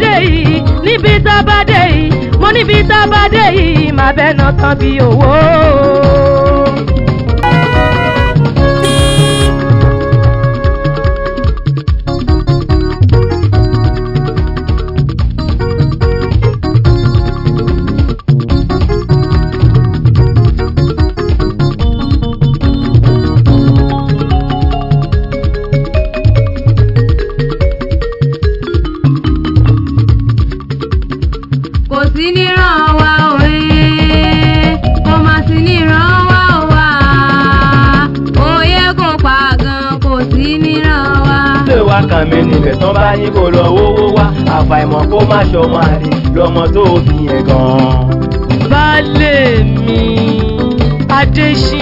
dé yìí níbi tá a bá dé yìí mo níbi tá a yìí màá bẹ́ẹ̀ náà tán bí owó. sí níran wa òye kò má sí níran wa ò wá òye kò pa gan kò sí níran wa. ilé wa kàn mí nìkẹ́ tán bá ní kó lọ owó wá àfàìmọ̀ kó má ṣọmọ àlè lọ́mọ tó fi yẹn gan. baálé mi adéṣin.